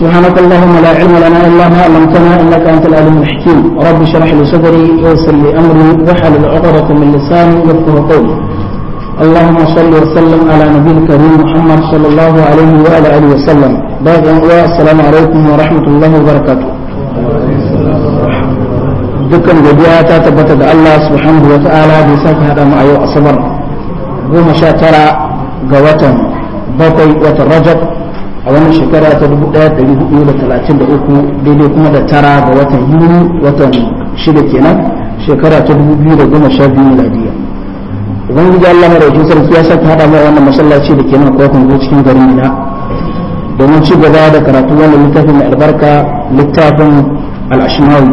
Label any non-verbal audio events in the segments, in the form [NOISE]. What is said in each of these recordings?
سبحانك اللهم لا علم لنا إلا ما علمتنا إنك أنت العليم الحكيم رب اشرح لي صدري ويسر لي أمري واحلل عقدة من لساني يفقه قولي اللهم صل وسلم على نبي الكريم محمد صلى الله عليه وعلى آله وسلم بعد أن السلام عليكم ورحمة الله وبركاته dukkan godiya ta tabbata da Allah subhanahu wa ta'ala da sake hada mu a yau asabar goma sha tara ga watan bakwai watan rajab a wannan shekara ta 1433 daidai kuma da tara ga watan yuni watan shida kenan shekara ta 2012 miladiya ubangiji Allah mai rajin sarki ya saka hada mai wannan masallaci da kenan kofin go cikin garin Mina domin ci gaba da karatu wannan littafin mai albarka littafin al-ashmawi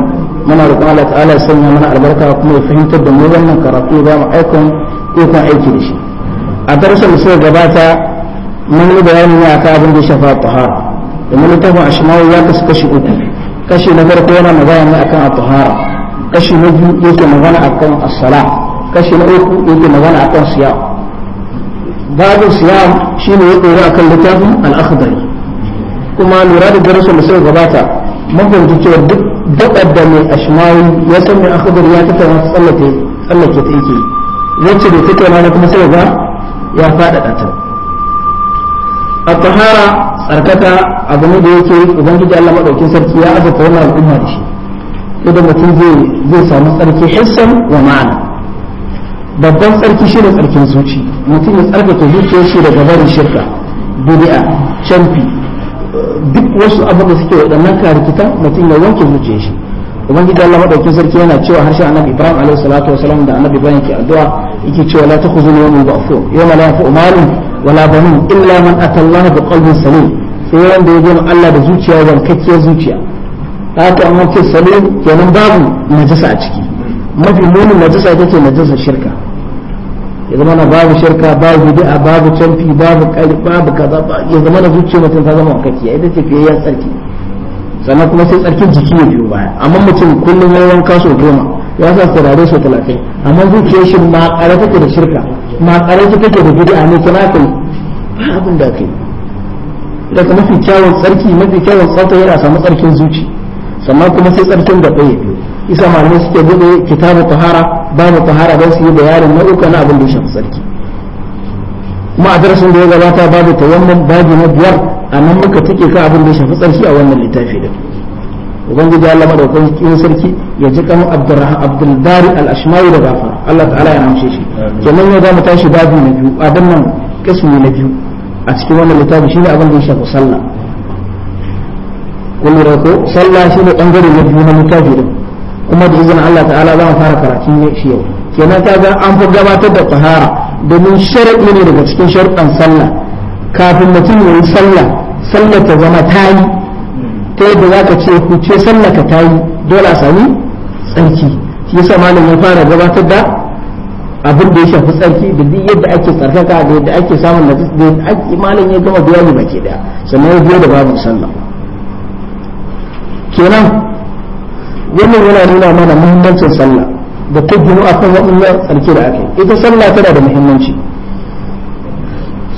muna roƙon Allah ta'ala ya sanya mana albarka kuma ya fahimtar da mu wannan karatu ba mu aikon ikon aiki da shi a darasin da suka gabata mun yi bayani ne akan abin da ya shafa tahara domin littafin ashmawi ya kasu kashi uku kashi na farko yana magana ne akan at-tahara kashi na biyu yake magana akan as-sala kashi na uku yake magana akan siya babu siya shine ya dora akan littafin al-akhdari kuma lura da darasin da suka gabata mun fahimci cewa duk daɗar da mai ashmawi ya san mai akhdari ya tattauna tsallake tsallake ta yake wacce da tattauna kuma sai ga ya faɗaɗa ta at-tahara tsarkaka abu ne da yake ubangiji Allah madaukin sarki ya azurta wannan al'umma da shi yadda mutum zai zai samu tsarki hissan wa ma'ana babban tsarki shi ne tsarkin zuci mutum ya tsarkake shirka duk wasu abin da suke waɗannan karikita mutum ya wanke zuciyar shi ubangiji Allah madaukin sarki yana cewa harshen annabi Ibrahim alaihi salatu wasallam da annabi Ibrahim ke addu'a yake cewa la takhuzuni yawma ba'fu yawma la yanfa'u malun wala banun illa man atallaha bi qalbin salim sai wanda ya gama Allah da zuciya zankakkiyar zuciya haka an ce salim kenan babu najasa a ciki mafi munin najasa ita ce najasa shirka ya zama na babu shirka babu bid'a babu canfi babu kari babu kaza ya zama zuciya mutum ta zama ita ce tsarki sannan kuma sai tsarkin jiki ya biyo baya amma mutum kullum ya yanka sau goma ya sa turare sau talatin amma zuciyar shi ma ƙara take da shirka ma take kake da a ne kana kai ba abin da kai daga mafi kyawun tsarki mafi kyawun tsafta yana samu tsarkin zuci sannan kuma sai tsarkin da ɗaya isa malamai suke buɗe kitabu tahara babu tahara don su yi bayanin nau'uka na abin da ya shafi tsarki kuma a darasin da ya gabata babu tayammum babu na biyar a nan muka take ka abin da ya shafi tsarki a wannan littafi da ubangiji Allah madaukakin sarki ya ji kan Abdurrahman Abdul al da gafara Allah ta'ala ya amshe shi kenan yau zamu tashi babu na biyu a nan kasmi na biyu a cikin wannan littafi shine abin da ya shafi sallah kun lura ko sallah shine bangare na biyu na littafi din kuma da izinin Allah ta'ala za mu fara karatun shi yau kenan ta ga an fi gabatar da tahara domin sharadi ne daga cikin sharuɗan sallah kafin mutum ya yi sallah sallar ta zama tayi ta yadda za ka ce huce sallaka ta yi dole a sami tsarki shi yasa malam ya fara gabatar da abin da ya shafi tsarki da duk yadda ake tsarkaka da yadda ake samun da ake malam ya gama bayani baki daya sannan ya biyo da babu sallah kenan wannan yana nuna mana muhimmancin sallah da ta gino a kan waɗannan tsarki da ake ita sallah tana da muhimmanci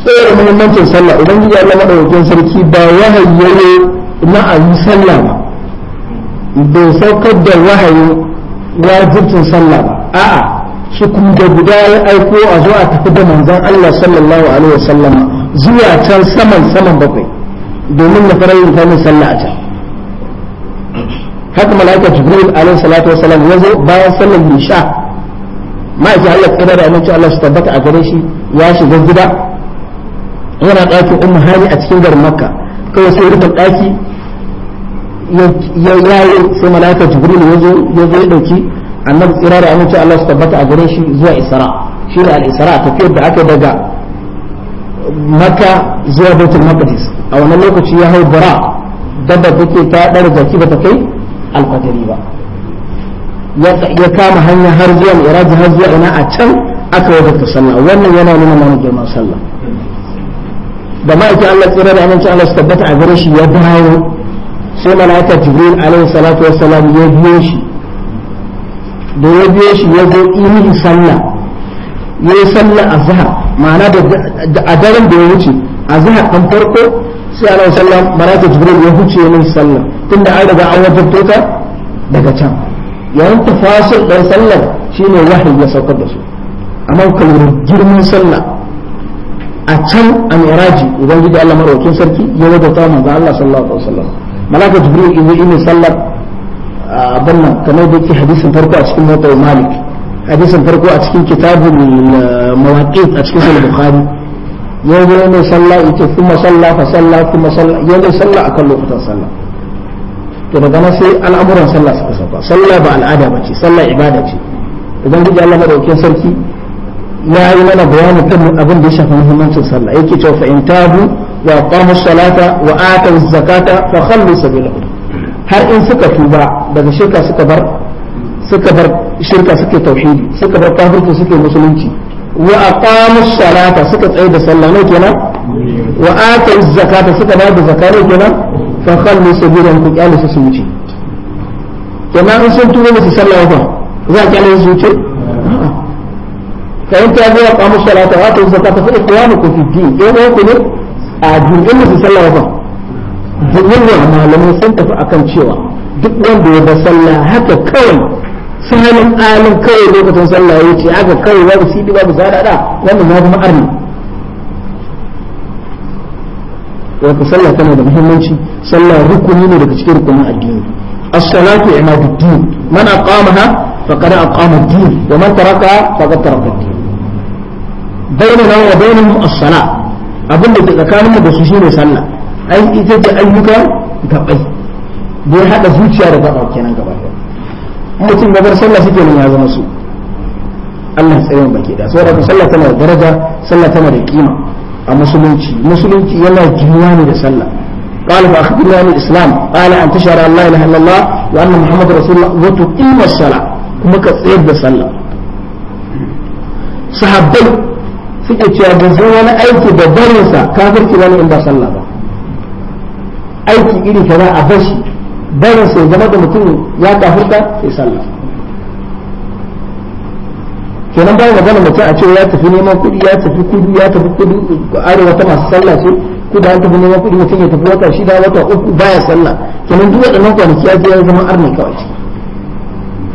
tsayar muhimmancin sallah idan ya Allah madaukakin sarki ba wahayyoyi. na a yi sallah ba bai saukar da wahayin wajibcin sallah ba a'a su kuma da guda ya aiko a zo a tafi da manzon Allah sallallahu alaihi wasallam zuwa can saman saman bakwai domin na fara yin kanin sallah a can haka malaika jibril alaihi salatu wasallam ya zo bayan sallar isha ma'aikin Allah tsira da aminci Allah su tabbata a gare shi ya shiga gida yana ɗakin ummu hali a cikin garin makka kawai sai rufin ɗaki ya yayi sai malaika jibril ya zo ya zo ya dauki annabi tsira da aminci Allah su tabbata a gare shi zuwa isra shi ne al-isra tafiyar da aka daga maka zuwa baitul maqdis a wannan lokaci ya hau bara dabba take ta dare jaki ta kai alfajiri ba ya kama hanya har zuwa miraji har zuwa ina a can aka wadata sallah wannan yana nuna mana girman sallah da ma'aikin Allah tsira da aminci Allah su tabbata a gare shi ya dawo sai malaka jibril alaihi salatu wassalam ya biyo shi da ya biyo shi ya zo ilimin sallah ya yi sallah a zahar ma'ana a daren da ya wuce a zahar ɗan farko sai alaihi sallam malaka jibril ya huce min sallah tunda an riga an wajabto ta daga can yayin tafasil ɗan sallar shine wahayi ya saukar da su amma kalmar girman sallah a can a miraji ubangiji Allah maraukin sarki ya wadata manzo Allah sallallahu alaihi wasallam malaka jibril in yi mai sallar abin nan kamar da yake hadisin farko a cikin mota malik hadisin farko a cikin kitabun mawaqit a cikin sahih bukhari ya yi mai sallah ita kuma sallah fa sallah kuma sallah ya mai sallah akan lokutan sallah to daga nan sai al'amuran sallah suka saba sallah ba al'ada ba ce sallah ibada ce idan gidi Allah madaukakin sarki ya yi mana bayani kan abin da ya shafi muhimmancin sallah yake cewa fa in tabu وقاموا الصلاة وآتوا الزكاة فخلوا سبيلهم هل إن سكة توبا بعد شركة سكبر سكبر شركة سكة توحيد سكبر كافر سكة مسلمين وأقاموا الصلاة سكة عيد صلى كنا وآتوا الزكاة سكة بعد زكاة كنا فخلوا سبيلهم كي قالوا سسلمين كما إن سنتوا من سسلا وضع ذاك على الزوجين فإن تابعوا أقاموا الصلاة وآتوا الزكاة فإقوامكم في الدين إيه ما يقولون a jirgin musu sallah ba jirgin malamai sun tafi akan cewa duk wanda ya ba sallah haka kawai sanin alin kawai lokacin sallah ya ce haka kawai babu sidi babu sadada wannan ya zama arni wata sallah tana da muhimmanci sallah rukuni ne daga cikin rukunin addini as-salatu imaduddin man aqamaha faqad aqama ad-din wa man tarakaha faqad taraka ad-din bainana wa bainahum as-salah abin da ke tsakaninmu da su shine sallah ai ita ce ayyuka gabai da ya haɗa zuciya da gaba kenan gaba mutum gabar sallah suke nan ya zama su Allah tsayin baki da saboda sallah tana da daraja sallah tana da kima a musulunci musulunci yana jiniya ne da sallah قال فأخبرنا عن الإسلام قال أن تشهد أن لا إله إلا الله وأن محمد رسول الله وتقيم الصلاة كما كتصير بالصلاة صحابي suke cewa ba san wani aiki da barinsa kafirci wani in ba sallah ba aiki iri kaza a bashi barinsa ya zama da mutum ya kafirta ya sallah kenan bayan magana mutum a cewa ya tafi neman kuɗi ya tafi kudu ya tafi kudu arewa ta masu sallah ce kudu an tafi neman kuɗi mutum ya tafi wata shida wata uku baya sallah kenan duk waɗannan kwanaki ya je ya zama arna kawai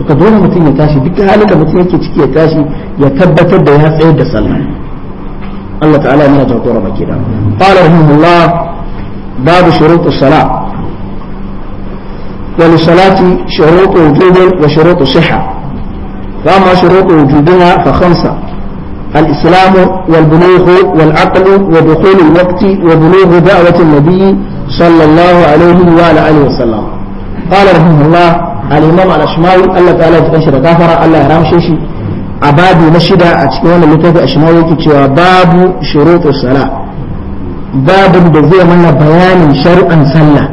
ka dole mutum ya tashi duk halin da mutum yake ciki ya tashi ya tabbatar da ya tsayar da sallah Allah ta'ala ya mana jagora baki da qala rahimahullah babu shurutus salat وللصلاة شروط وجوب وشروط صحة فأما شروط وجوبها فخمسة الإسلام والبلوغ والعقل ودخول الوقت وبلوغ دعوة النبي صلى الله عليه وعلى آله وسلم قال رحمه الله الإمام الأشماوي الله تعالى تنشر كافر الله يرحم شيشي a babu na shida a cikin wannan littafi a shima yake cewa babu shurutu sala babu da zai mana bayanin shari'an sallah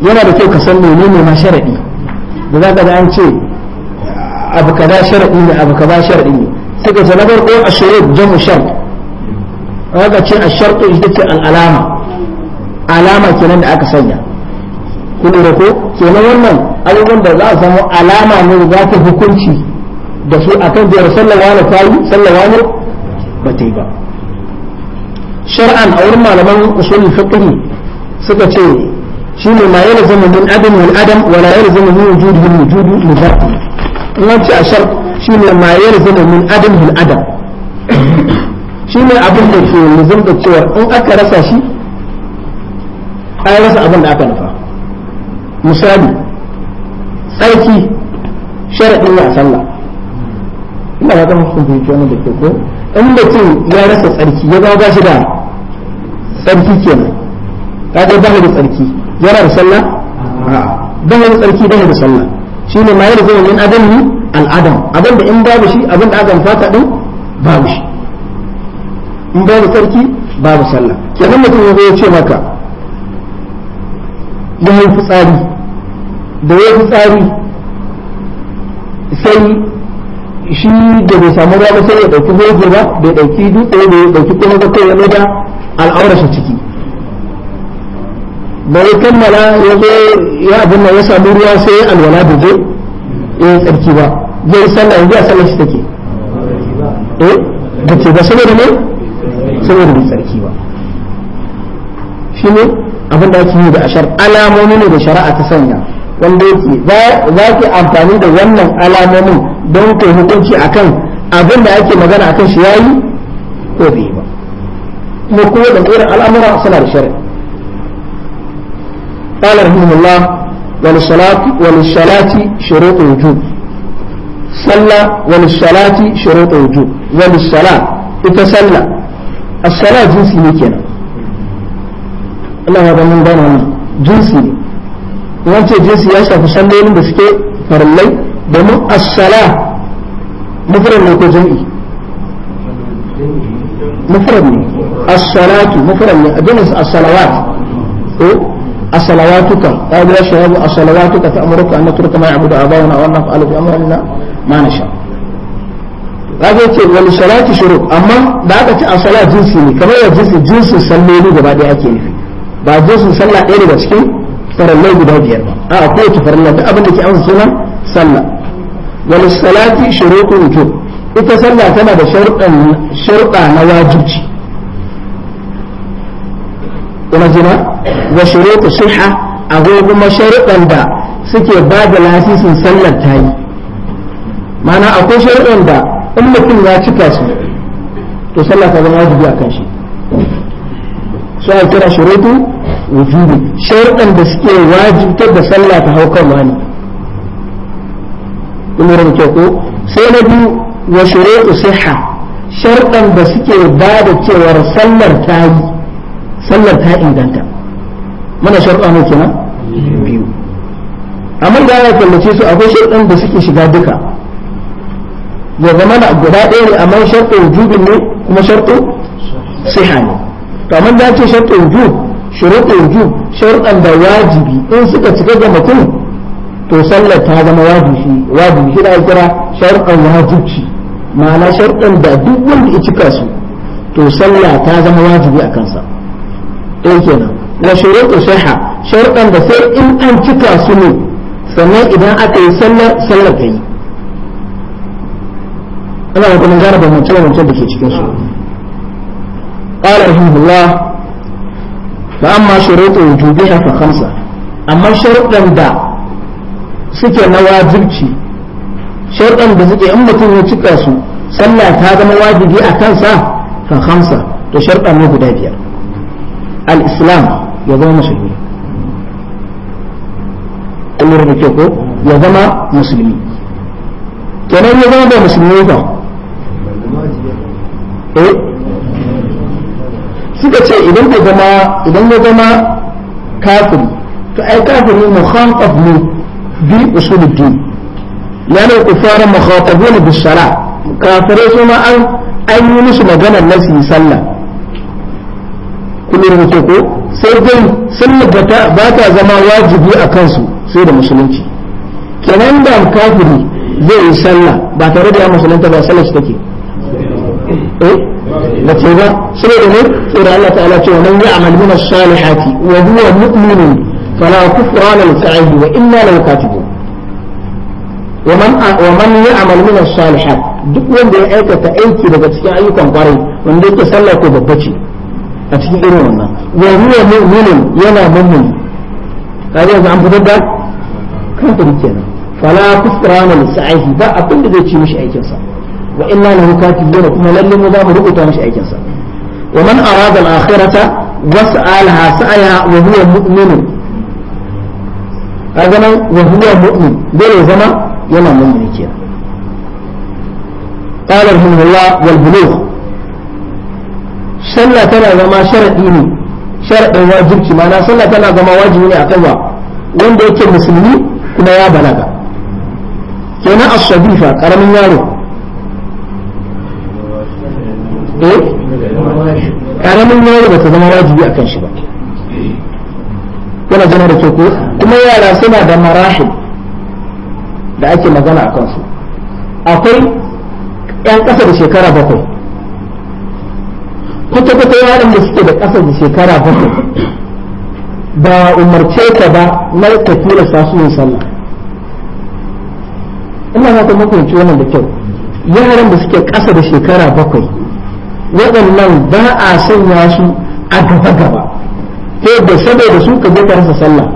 yana da kyau ka san menene ma sharadi da za ka ga an ce abu kaza sharadi ne abu kaza sharadi ne sai ka na farko a shurut jamu shart haka ce a shartu ita ce al'alama alama kenan da aka sanya kun da ko kenan wannan abubuwan da za a samu alama ne za ta hukunci da su akan biyar sallawa na tayi sallawa ne ba ta yi ba shar'an a wurin malaman usulul fiqh suka ce shi ne ma yana zama min adam wal adam wa la yana zama min wujudi min wujudi mudhaf wannan ce a shar shi ne ma yana zama min adam wal adam shi ne abin da ke nizam da cewa in aka rasa shi an rasa abin da aka nufa misali tsarki sharaɗin ya sallah ina ba ta mutum bai ce da ke ko in da ce ya rasa tsarki ya ba shi da tsarki kenan ka ga ba da tsarki yana da sallah ba da tsarki ba da sallah shi ne ma yana zama min adam ni al'adam abin da in babu shi abin da aka fata din babu shi in babu tsarki babu sallah kenan mutum ya ce maka ya yi fitsari da ya yi fitsari sai shi da bai samu ruwa ba sai ya dauki goge ba bai dauki dutse bai dauki kuma ba kai ya loda al'aura shi ciki bai kammala ya zo ya abin nan ya samu ruwa sai ya alwala da je ya yi tsarki ba zai sallah yanzu a sallar shi take eh da ce ba saboda ne saboda bai tsarki ba shi ne abin da ake yi da ashar alamomi ne da shari'a ta sanya wanda yake za ki amfani da wannan alamomin don kai hukunci akan abin da ake magana akan shi yayi ko bai ba kuma kuma da irin al'amura suna da shari'a قال رحمه الله وللصلاة وللصلاة شروط وجوب صلى وللصلاة شروط وجوب وللصلاة إتصلى الصلاة جنسي نكينا الله هذا من بينهم جنسي وانت جنسي يشرف صلى لهم بسكي فرلي domin as-sala mufrad ne ko jami'i mufrad ne as-salatu mufrad ne ajnas as-salawat ko as-salawatu kan qala ya shababu as-salawatu ka ta'muruka an natruka ma ya'budu abauna wa an naf'ala bi amrina ma nasha kaga yace wal salati shurut amma da aka ce as-sala jinsi ne kamar ya jinsi jinsin salloli gaba daya ake nufi ba jinsin sallah ɗaya daga cikin farallai guda biyar ba a akwai ta farallai duk abin da ke amsa sunan sallah walissalati shuruɗin wujub ita sallah tana da sharuɗa na wajibci kuma jina wa shuruɗu suha akwai kuma sharuɗan da suke ba da lasisin sallar ta yi ma'ana akwai sharuɗan da in mutum ya cika su to sallah ta zama wajibi a kan shi su a kira shuruɗu wujubi sharuɗan da suke wajibtar da sallah ta kan wani. kun lura da ko sai na biyu wa shurutu sihha da suke ba da cewar sallar ta yi sallar ta inganta mana sharɗa ne kenan biyu amma da ya kallace su akwai sharɗan da suke shiga duka ya zama guda ɗaya ne amma sharɗin wujubin ne kuma sharɗin ne to amma da ya ce sharɗin wujub wujub sharɗan da wajibi in suka cika ga mutum to sallar ta zama wajibi wajibi shi da kira ma'ana da duk wanda ya cika su to sallah ta zama wajibi a kansa ɗaya eh kenan wa sahha da sai in an cika su ne sannan idan aka yi sallar sallar ta yi ana kuma gara da mutum da ke cikin su da suke na wajibci sharɗan da suke in mutum ya cika su sallah ta zama wajibi a kansa ka hamsa to sharɗan ne guda biyar al-islam ya zama musulmi kullum da ke ko ya zama musulmi kenan ya zama bai musulmi ba eh? suka ce idan ka zama idan ya zama kafiri to ai kafiri mukhaqab ne بأصول الدين لأن الكفار مخاطبون بالصلاة كافرين ثم أن أن يونس مجانا الناس يصلى كل رمتكو سيدي سنة باتا زما واجبي أكنسو سيد مسلمتي kenan da kafiri zai yi sallah ba tare da ya musulunta ba sallah take ba ce ba saboda ne saboda Allah ta'ala ce wa man ya'mal min as-salihati wa huwa mu'minun فلا كفران لسعيه وإنا لو كاتبون ومن ومن يعمل من الصالحات duk wanda ya aikata aiki daga cikin ayyukan kwarai wanda yake sallah ko babba ce a cikin irin wannan wa huwa mu'minun yana mu'min kaje yanzu an fitar da kafiri kenan fala kufrana li sa'ihi ba abin da zai ci mishi aikin sa wa inna lahu katibun kuma lalle mu za mu rubuta mishi aikin sa wa man arada al-akhirata was'alaha sa'aha wa huwa mu'minun kaga nan wa huwa mu'min dole zama yana mu'mini kenan qala rahimahullah wal bulugh sallah tana zama sharadi ne sharadin ma na sallah tana zama wajibi ne akan wa wanda yake musulmi kuma ya balaga kenan as-sabifa karamin yaro eh karamin yaro ba ta zama wajibi akan shi ba yana zama da ke kuma yara suna da marahil da ake magana a kansu akwai 'yan ƙasa da shekara bakwai kwata-kwata yaran da suke da ƙasa da shekara bakwai ba umarce ka ba na ka tura su yin sallah ina za ta makwanci wannan da kyau yaran da suke ƙasa da shekara bakwai waɗannan ba a sanya su a gaba-gaba Ko da saboda su ka je ka rasa sallah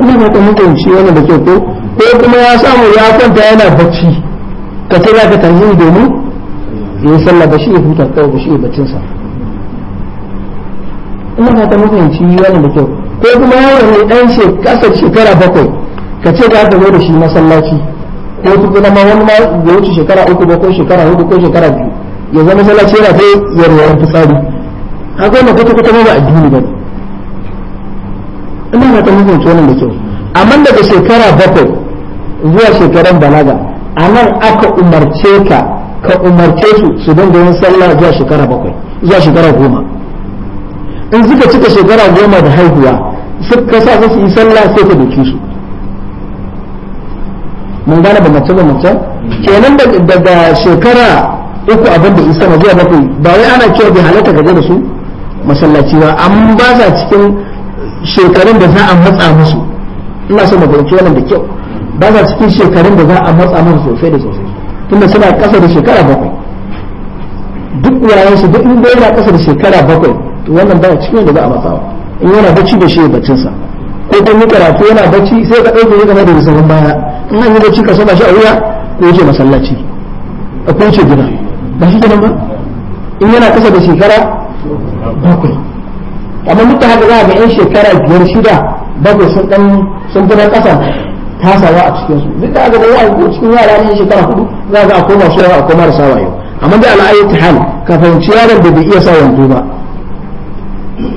ina ba ta mutum shi wani da kyau ko ko kuma ya samu ya kwanta yana bacci ka ce za ka tarzi domin ya sallah ba shi ya huta kawai ba shi ya baccin sa ina ba ta mutum shi wani da kyau ko kuma yawon ne dan kasar shekara bakwai ka ce za ka zo da shi masallaci ko tukuna ma wani ma ya wuce shekara uku ba ko shekara hudu ko shekara biyu ya zama masallaci yana ta yarwar fitsari akwai wannan kwata kuta ba addini ba ina na ta mutunci wannan da kyau amma daga shekara bakwai zuwa shekaran balaga a nan aka umarce ka ka umarce su su dinga yin sallah zuwa shekara bakwai zuwa shekara goma in suka cika shekara goma da haihuwa suka sa su yi sallah sai ka doki su mun gane ba mace kenan daga shekara uku abin da isa zuwa bakwai ba wai ana kyau bai halatta ka da su masallaci ba an ba sa cikin shekarun da za a matsa musu ina so mafarki wannan da kyau ba sa cikin shekarun da za a matsa musu sosai da sosai tunda suna ƙasa da shekara bakwai duk wayansu duk inda yana ƙasa da shekara bakwai to wannan ba cikin da za a matsawa in yana bacci da shi sa ko kun yi karatu yana bacci sai ka ɗauke ya game da risarun baya in an yi bacci ka saba shi a wuya ko yake masallaci a kunce gida ba shi kenan ba in yana kasa da shekara bakwai amma duk haka za a ga 'yan shekara biyar shida bakwai sun dan sun gina ƙasa tasawa a cikinsu duk da aka ga yawa cikin yara ne shekara hudu za ga akwai masu yawa akwai marasa wayo amma da al'ayi ta hal ka fahimci yaron da bai iya sa wando ba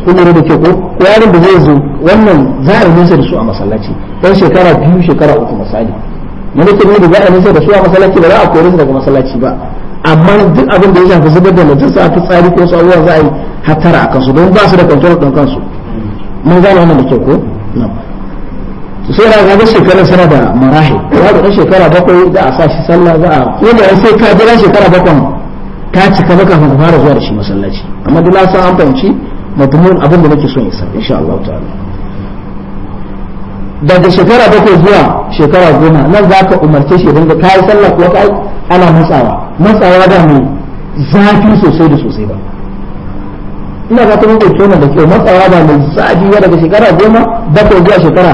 kuma da ke ko ko yaron da zai zo wannan za a nisa da su a masallaci dan shekara biyu shekara uku misali malakin ne da za a nisa da su a masallaci ba za a kore su daga masallaci ba amma duk abin da ya shafi zubar da mutum sa fitsari ko su za a yi hattara a kansu don ba su da kwantar ɗin kansu mun gane wannan da ke ko sai na gaba shekarar sana da marahi ya ga shekara bakwai za a sa shi sallah za a da sai ka jira shekara bakwai ka cika maka kafin fara zuwa da shi masallaci amma duk na san an fahimci mutumin abin da nake so in san insha Allah ta'ala daga shekara bakwai zuwa shekara goma nan za ka umarce shi dinga ka yi sallah ko ka ana matsawa matsawa da mai zafi sosai da sosai ba ina fata mun ɗauke na da kyau matsawa ba mai zafi ya daga shekara goma bakwai zuwa shekara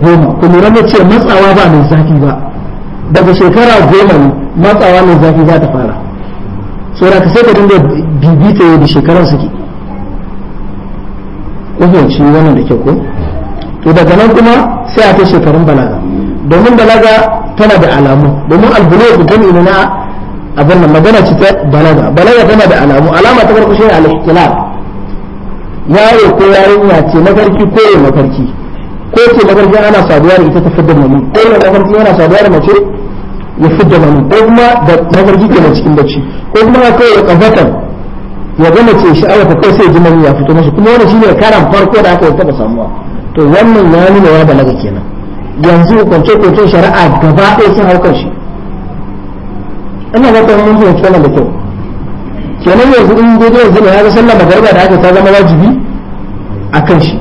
goma ku lura na ce matsawa ba mai zafi ba daga shekara goma ne matsawa mai zafi za ta fara saboda ka sai ka dinga bibita ya da shekaran suke kun shi wannan da kyau ko to daga nan kuma sai a ta shekarun balaga domin balaga tana da alamu domin ne jami'i na abin nan magana ci ta balaga balaga tana da alamu alama ta farko shine al-ihtilal yaro ko yarinya ce mafarki ko ya mafarki ko ce mafarki ana saduwa da ita ta fidda mani ko ne mafarki yana saduwa da mace ya fidda mani ko kuma da mafarki ke cikin bacci ko kuma ya kai ya gama ya shi mace sha'awa ta kai sai ji mani ya fito masa kuma wannan shine karan farko da aka taba samuwa to wannan ya nuna ya balaga kenan yanzu kwance kwance shari'a gaba ɗaya sun haukar shi ina ba ta mun fahimci wannan da kyau kenan yanzu in dai yanzu ne ya ga sallar magariba da aka ta zama wajibi a kan shi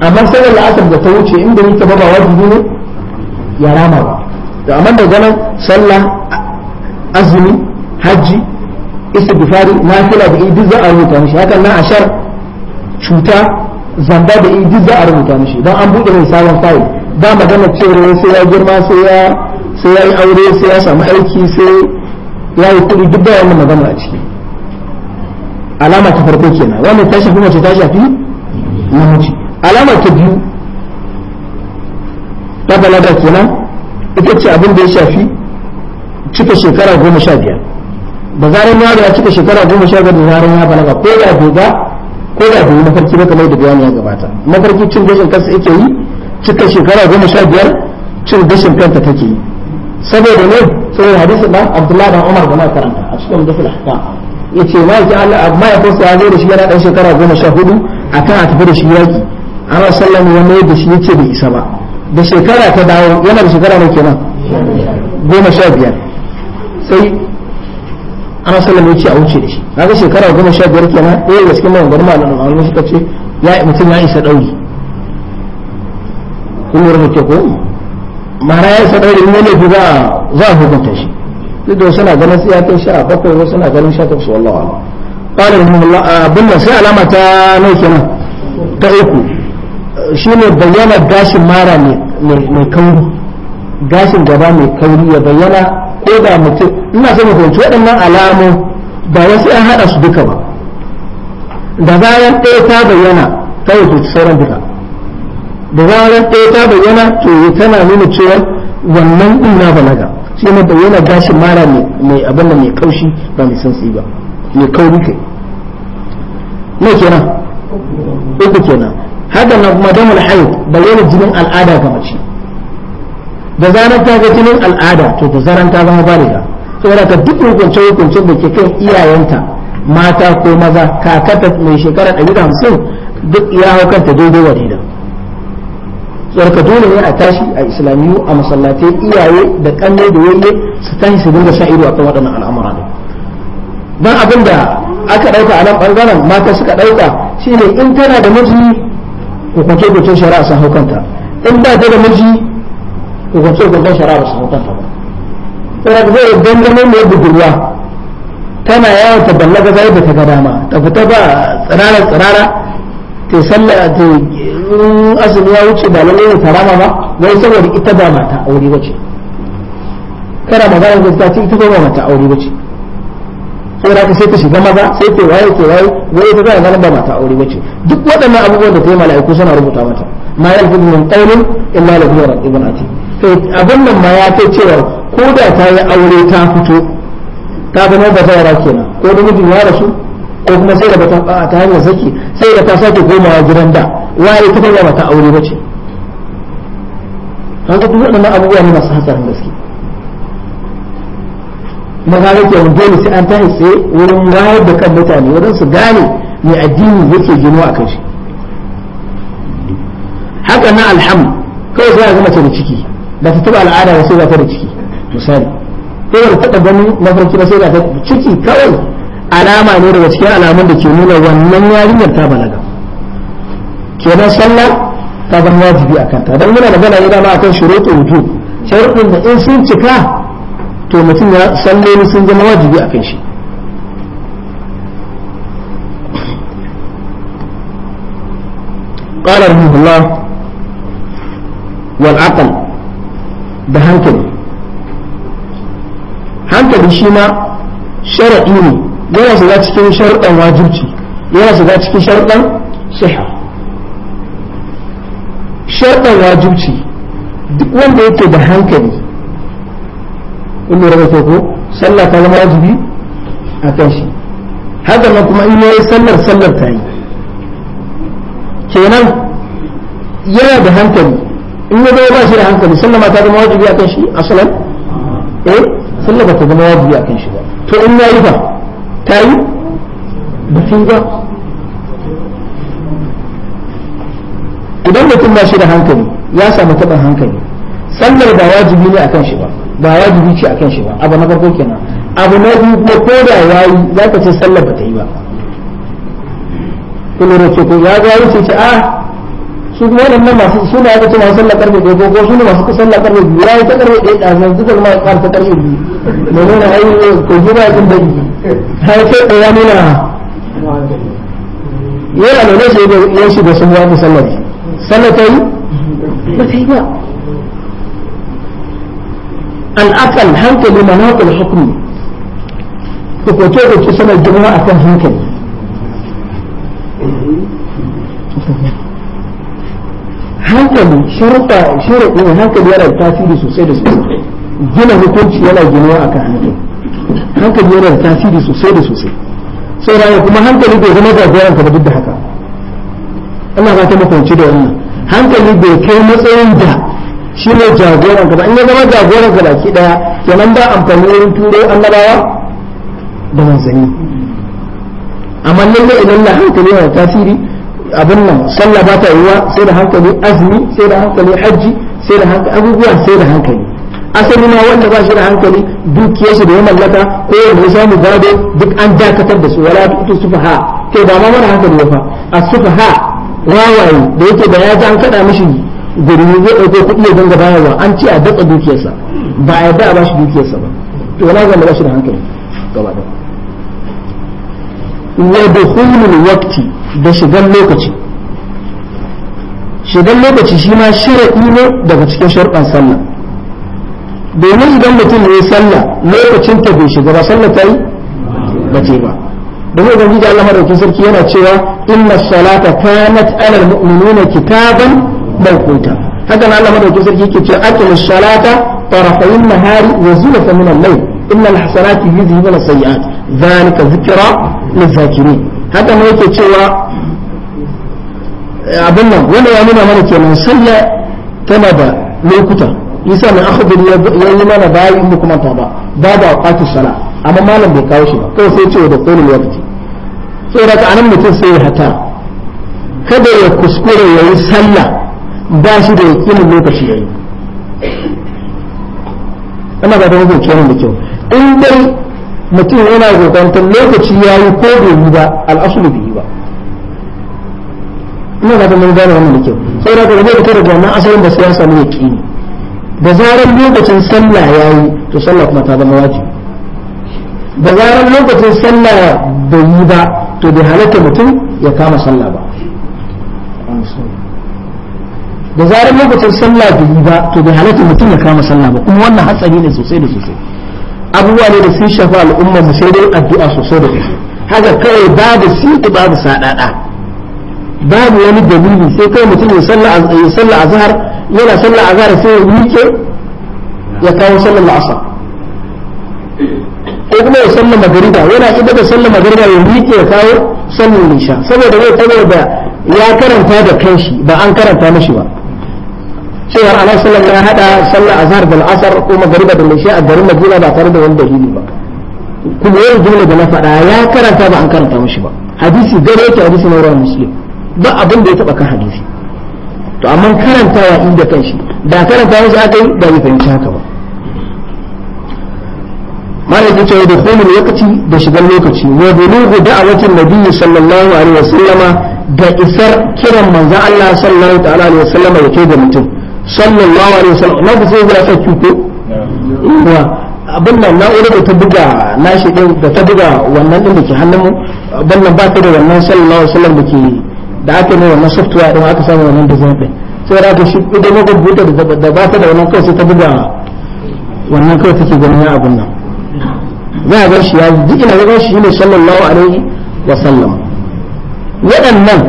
amma sallar la'asar da ta wuce inda yake ba ba wajibi ne ya rama ba da amma da ganin sallah azumi hajji istighfari nafila da idi za a rubuta mishi hakan na ashar cuta zamba da idi za a rubuta mishi don an buɗe mai sabon fayil ba magana cewa sai ya girma sai ya sai ya yi aure sai ya samu aiki sai ya yi kuɗi duk da wannan magana a ciki alama ta farko kenan wannan ta shafi mace ta shafi namiji alama ta biyu ta balaga kenan ita ce abin da ya shafi cika shekara goma sha biyar da zaran yaro ya cika shekara goma sha biyar da zaran ya balaga ko da bai ga ko da bai mafarki ba kamar da bayani ya gabata mafarki cin gashin kansa yake yi cika shekara goma sha biyar cin gashin kanta take yi saboda ne saboda hadisi da Abdullahi dan Umar da na karanta a cikin mudaffil ahkam yace ma ji Allah amma ya fasa zai da shi yana dan shekara 14 akan a tafi da shi yaki ana sallama ya mai da shi yace bai isa ba da shekara ta dawo yana da shekara ne kenan goma sha biyar sai ana sallama yace a wuce da shi kaga shekara goma sha biyar kenan ɗaya da cikin gurma nan malamin shi ce ya mutum ya isa ɗauri kun lura da ko mara ya sa ɗaure ne laifi za a hukunta shi duk da suna ganin sai ya kai sha bakwai wasu suna ganin sha takwas wallahu a'lam qala rahimahullah abin sai alama ta nau kenan ta uku shi ne bayyana gashin mara mai kauri gashin gaba mai kauri ya bayyana ko da mutum ina so mu fahimci waɗannan alamu ba wasu an haɗa su duka ba da bayan ɗaya ta bayyana kawai to sauran duka da zarar ɗaya ta bayyana to tana nuna cewa wannan ɗin na balaga sai na bayyana gashi mara mai abin da mai kaushi ba mai santsi ba mai kauri kai ne kenan uku kenan haka na kuma damar hayo bayyana jinin al'ada ga mace da zarar ta ga jinin al'ada to da zarar ta zama baliga saboda ta duk hukunce hukuncen da ke kan iyayenta mata ko maza kakata mai shekara 150 hamsin duk ya hau kanta daidai wadida. warka dole ne a tashi a islamiyu a masallatai iyaye da kanne da yalle su tashi su dinga sa ido akan waɗannan al'amura ne dan abin da aka ɗauka a nan ɓangaren mata suka ɗauka shine in tana da miji ko kwace kwace shari'a sun haukanta in ba ta da miji ko kwace kwace shari'a sun haukanta kanta ba sai da zai dangane mai budurwa tana yawon ta ballaga zai da ta ga dama ta fita ba tsirara tsirara to sallah to azumi ya wuce ba lalle ne tarama ba wai saboda ita ba mata aure bace kana magana da ta ce ita ba mata aure bace saboda haka sai ta shiga maza sai ta waye ta waye wai ta ga nan ba mata aure bace duk waɗannan abubuwan da ta yi mala'iku suna rubuta mata ma yalfu min qawlin illa lahu raqibun atid to abin nan ma ya kai cewa ko da ta yi aure ta fito ta zama bazawara kenan ko da mijin ya rasu ko kuma sai da bata ta hanyar saki sai da ta sake komawa gidan da waye ta fara mata aure bace an ga duk waɗannan abubuwa ne masu hatsarin gaske maza ne ke dole sai an ta sai wurin wayar da kan mutane wurin su gane mai addini yake gino a kan haka na alham kawai sai zama ga mace da ciki ba ta taba al'ada ba sai ba ta da ciki misali ko ba ta taba ganin mafarki ba sai ba ta ciki kawai alama ne daga cikin alamun da ke nuna wannan yarinyar ta balaga kenan sallah ta zama wajibi a kanta don muna magana ne dama akan shuruɗu wudu sharuɗin da in sun cika to mutum ya salloli sun zama wajibi a kan shi قال رحمه الله والعقل ده hankali shi ma sharaɗi ne yana shiga cikin sharuɗan wajibci yana shiga cikin sharuɗan siha sharuɗan wajibci duk wanda yake da hankali in lura da ko sallah ta zama wajibi a kan shi haka nan kuma in yayi sallar sallar ta yi kenan yana da hankali in ya zama ba shi da hankali sallah ma ta zama wajibi a kan shi asalan eh sallah ba ta zama wajibi a kan shi ba to in yayi fa ta yi ba ga? ba idan mutum ba shi da hankali ya samu taɓin hankali sallar ba wajibi ne a kan shi ba ba wajibi ce a kan shi ba abu na farko kenan abu na biyu kuma ko da yayi za ka ce sallar ba ta yi ba kuma race ko ya ga wuce ce a ah, su kuma waɗannan masu su ne ce masu sallah karfe ɗaya ko su ne masu sallah karfe biyu ya yi ta karfe ɗaya ɗazu yanzu da ma ƙar ta karfe biyu da nuna ai ko gina jin dari har sai ɗaya nuna yana da nashi ya shiga sun ya sallah sallah ta yi al'akal hankali manakul hukumi ku kwace kwace sanar girma akan hankali hankali shurta shurta ne hankali yana da tasiri sosai da sosai gina hukunci yana ginuwa akan hankali hankali yana da tasiri sosai da sosai sai rayuwa kuma hankali bai zama jagoran ka ba duk da haka Allah ba ta mafanci da wannan hankali bai kai matsayin da shi ne jagoran ka ba in ya zama jagoran ka baki daya kenan ba amfani wurin turo annabawa da manzanni amma lalle idan na hankali yana tasiri abin nan sallah ba ta yiwa sai da hankali azumi sai da hankali hajji sai da hankali abubuwa sai da hankali asali ma wanda ba shi da hankali dukiyar shi da ya mallaka ko wanda ya samu gado duk an dakatar da su wala sufa ha kai ba ma mara hankali ba a sufa sufaha wawaye da yake da ya ji an kada mishi gurbi zai dauko kuɗi ya dinga bayarwa an ce a datsa dukiyarsa ba a yarda a ba shi dukiyarsa ba to wala ga ba shi da hankali gaba da wa dukhulul waqti da shigan lokaci shigan lokaci shi ma sharaɗi ne daga cikin sharɗan sallah domin idan mutum ya yi sallah lokacin ta bai shiga ba sallah ta yi ba ce ba domin ubangiji Allah madaukakin sarki yana cewa inna salata kanat alal mu'minuna kitaban mawquta haka Allah madaukakin sarki yake cewa aqimus salata tarafayn nahari wa zulfa min al-layl innal hasanati yudhhibuna as-sayyi'at dhalika dhikra lil-zakirin haka ne yake cewa eh, abin nan wanda ya nuna mana kenan sallah tana da lokuta isa mai gudu ya yi mana yi in kuma ta ba ba da waqatu sala amma malam bai kawo shi ba kawai sai ce da ya waqti sai da anan mutum sai ya hata kada ya kuskure yayi sallah ba shi da yakinin lokaci yayi ana ba da kenan da kyau in dai mutum yana gogantar lokaci ya yi ko bai yi ba al'asulu bai yi ba ina ga ta mun gane wannan da kyau da ka zai fita da wannan asalin da siyasa ya yaqini da zarar lokacin sallah ya yi to sallah kuma ta zama wajibi da zarar lokacin sallah da yi ba to bai halatta mutum ya kama sallah ba da zarar lokacin sallah da yi ba to bai halatta mutum ya kama sallah ba kuma wannan hatsari ne sosai da sosai abubuwa ne da sun shafi al'umma mu sai dai addu'a sosai da haka kawai babu sinti babu sadada babu wani dalili sai kai mutum ya sallah azhar yana sallah azhar sai ya wuce ya kawo sallar la'asar ko kuma ya sallar magariba yana ida da sallar magariba ya wuce ya kawo sallar nisha saboda zai tabbata ya karanta da kanshi ba an karanta mashi ba cewa anan sallam ya hada sallar azhar da asar ko magariba da mai a garin madina ba tare da wani dalili ba kuma yau jumla da na faɗa ya karanta ba an karanta mashi ba hadisi gare yake hadisi na rawar muslim ba abin da ya taba kan hadisi to amma karantawa inda kanshi da karanta wasu aka yi ba ya fahimci haka ba malam ya ce da hulun lokaci da shigar lokaci wa bulughu da'awatin nabiyyi sallallahu alaihi wasallama da isar kiran manzon Allah sallallahu ta'ala alaihi wasallama yake da mutum sallallahu alaihi wasallam na ku sai zira sai cuto abin nan na'urar da ta buga nashi din da ta buga wannan din da ke hannun mu abin nan ba ta da wannan sallallahu alaihi wasallam da ke da aka ne wannan software din aka samu wannan design din sai da shi idan na rubuta da ba ta da wannan kai sai ta buga wannan kawai take ganin ya abin nan za a bar shi ya duk ina ga shi ne sallallahu alaihi wasallam waɗannan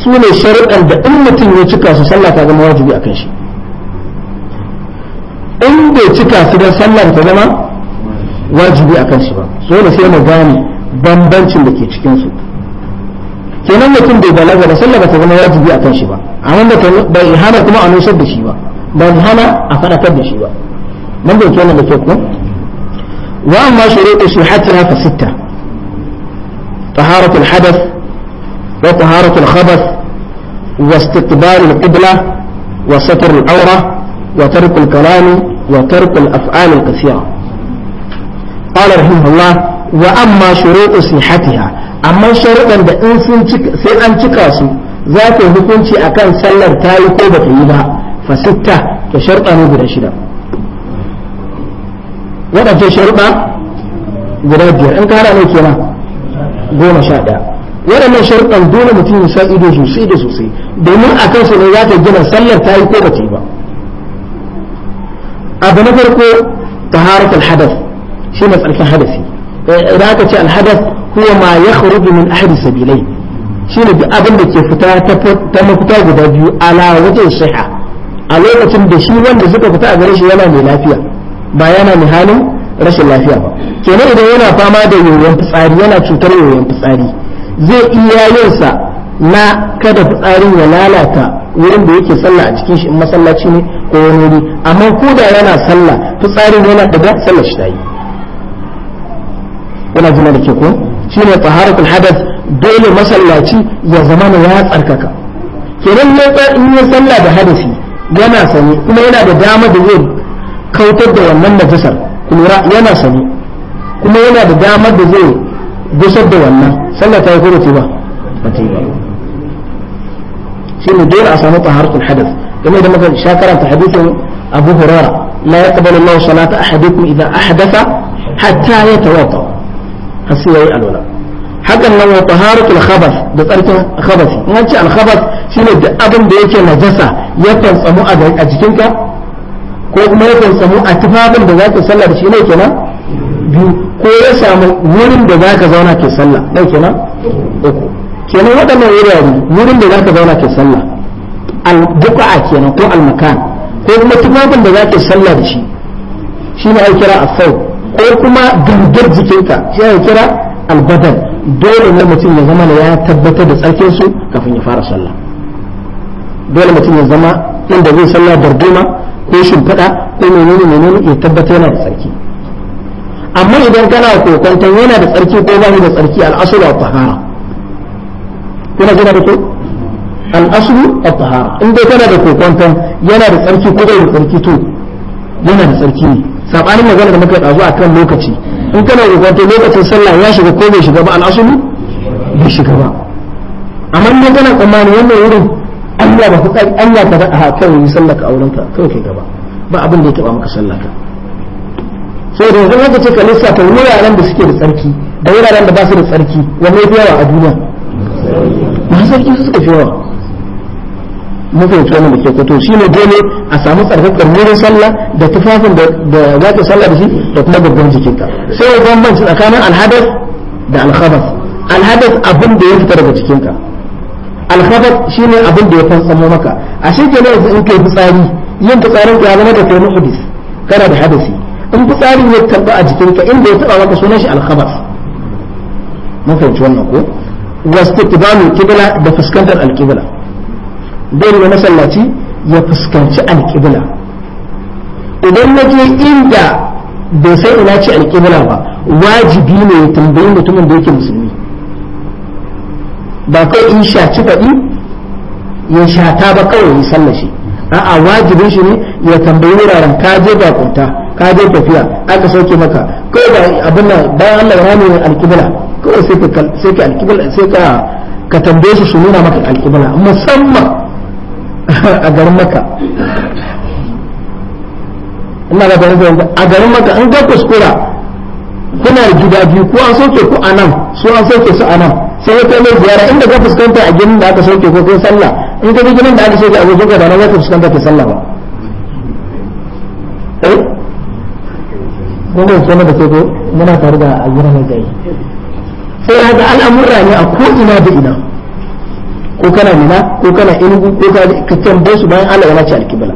su ne sharuɗan da in mutum ya cika su sallah ta zama wajibi akan shi in bai cika su don sallar ta zama wajibi a kansu ba dole sai mu gane bambancin da ke cikin su kenan mutum bai balaga da sallar ta zama wajibi a kanshi ba a amma bai hana kuma a nusar da shi ba bai hana a faɗakar da shi ba mun bai kenan da ke ku wa amma shuruɗu sihhatiha fa sitta taharatul hadath wa taharatul khabath واستقبال القبلة وستر العورة وترك الكلام وترك الأفعال الكثيرة قال رحمه الله وأما شروط صحتها أما شروطا da in sun sai an cika su za ta hukunci akan sallar ta ko ba yi ba fa sitta to sharuɗa ne guda shida waɗance sharuɗa guda biyar in kara ne kenan goma sha ɗaya waɗannan sharuɗan dole mutum ya sa ido sosai domin a ne za gina sallar tayi ko ba yi ba abu na farko taharat al-hadath shine tsarkin hadasi eh, idan aka ce al huwa ma yakhruju min ahadi sabilai shi duk abin da ke fita ta mafita guda biyu ala wajen siha a lokacin da shi wanda suka fita a gare shi yana mai lafiya ba yana mai halin rashin lafiya ba kenan idan yana fama da yoyon fitsari yana cutar yoyon fitsari zai iya yinsa na kada fitsarin ya lalata wurin da yake sallah a cikin shi in masallaci ne ko wani wuri amma ko da yana sallah fitsarin yana daga sallar shi ta yi yana jima da ke ko shi ne taharatul hadath dole masallaci ya zama ya tsarkaka kenan ya in ya sallah da hadasi yana sani kuma yana da dama da yin kautar da wannan najasar kura yana sani kuma yana da damar da zai gusar da wannan sallah ta yi ko ba ta yi ba shi ne dole a samu taharatul hadath game da muka sha karanta hadisin Abu Hurairah la yaqbalu Allahu salata ahadikum idza ahdatha hatta yatawadda hasu yayi alwala hakan nan wa taharatul khabath da tsarkin khabath in an ce al khabath shine da abin da yake najasa ya tsamu a jikinka ko kuma ya tsamu a tufafin da zaka sallar shi ne kenan biyu ko ya samu wurin da zaka zauna ke salla ne kenan uku kenan waɗannan wurare wurin da zaka zauna ke salla. al-buqa'a kenan ko al-makan ko kuma tufafin da zake sallah da shi shi ne kira afau ko kuma gangar jikinka shi ne kira albadar dole ne mutum ya zama ya tabbatar da tsarkin su kafin ya fara sallah dole mutum ya zama inda zai sallah darduma ko shimfiɗa ko menene menene ya tabbatar yana da tsarki amma idan kana kokantan yana da tsarki ko ba da tsarki al'asulu wa tahara kuna jira da ko al'asulu a tahara in dai kana da kokonton yana da tsarki ko bai da tsarki to yana da tsarki ne sabanin magana da muka dazu a kan lokaci in kana da kokonton lokacin sallah ya shiga ko bai shiga ba al'asulu bai shiga ba amma in kana tsammani wannan wurin Allah ba ku Allah ka faɗa ha kawai yi sallah ka auren ka kawai kai gaba ba abin da ya taba maka sallah ka saboda yanzu haka ce ka lissafa wuraren da suke da tsarki da wuraren da ba su da tsarki wanne ya fi yawa a duniya ba sarki su suka fi yawa mafi tsohon da ke kwato shi ne dole a samu tsarkakar wurin sallah da tufafin da za ka sallah da shi da kuma babban jikinka sai ya bambanci tsakanin alhadas da alhabas alhadas abin da ya fita daga jikinka alhabas shi ne abin da ya fansamo maka a shi ke yanzu in kai fitsari yin fitsarin ya zama da kai muhdis kana da hadasi in fitsari ya tabba a jikinka inda ya taba maka sunan shi alhabas mun fahimci wannan ko wasu kibalu kibla da fuskantar alkibla dole ne masallaci ya fuskanci alƙibla idan na je inda bai san ina ce alƙibla ba wajibi ne ya tambayi mutumin da yake musulmi ba kai in shaci faɗi ya shata ba kawai ya sallar a'a wajibin shi ne ya tambayi wuraren ka je bakunta ka je tafiya aka sauke maka kawai ba abin nan bayan Allah ya nuna alƙibla kawai sai ka alƙibla sai ka ka tambaye su su nuna maka alƙibla musamman a garin maka ina ga garin yanzu a garin maka an ga kuskura kuna da gida biyu ko an sauke ku a nan su an sauke su a nan sai ya kai mai ziyara inda ka fuskanta a ginin da aka sauke ko kai sallah in ka ginin da aka sauke a wajen gaba nan za ka fuskanta ta sallah ba wanda ya kone da ke ko muna tare da a gina mai gai sai ga al'amurra ne a ko ina da ina ko kana nuna ko kana inugu ko ka ka tambaye su bayan Allah yana ci alkibla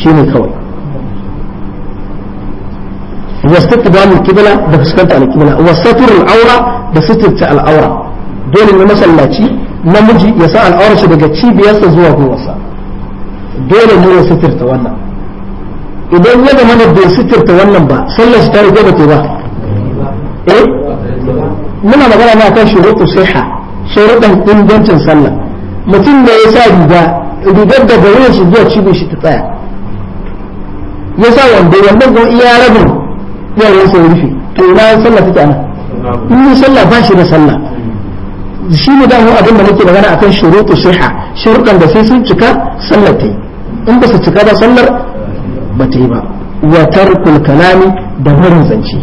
shine kawai wasatu ba alkibla da fuskanta alkibla wasatu al-awra da sitirta al dole ne masallaci namiji ya sa al shi daga cibiyarsa zuwa gowarsa dole ne ya sitirta wannan idan ya zama da bai sitirta wannan ba sallar shi ta riga ba ba eh muna magana ne akan shurutu sahiha sharuɗan ingancin sallah mutum da ya sa riga rigar da gare shi zuwa cibin shi ta tsaya ya sa wanda wanda ko iya rabin yawan sai rufe to ina sallah take ana in sallah ba shi da sallah shi ne damu abin da muke magana akan shuruɗu siha shuruɗan da sai sun cika sallar ta yi in ba su cika ba sallar ba ta yi ba wa tarkul kalami da barin zance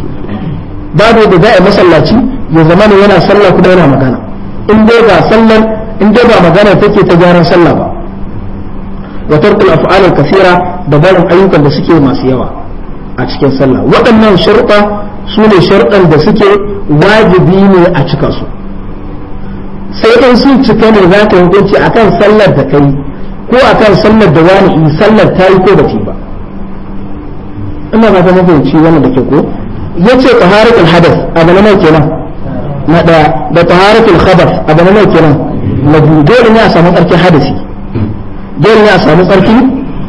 babu da da'i masallaci ya zama ne yana sallah kuma yana magana in dai ba sallar in dai ba magana take ta gyaran sallah ba wa tarkul af'al kathira da barin ayyukan da suke masu yawa a cikin sallah waɗannan sharuɗa su ne sharuɗan da suke wajibi ne a cika su sai in sun cika ne za ka hukunci akan sallar da kai ko akan sallar da wani in sallar ta yi ko ba ta ba ina ba ta mafi wani da ke ko yace taharatul hadath abu na mai kenan na ɗaya da taharatul khabar abu na mai kiran na biyu dole ne a samu tsarkin hadisi dole ne a samu tsarkin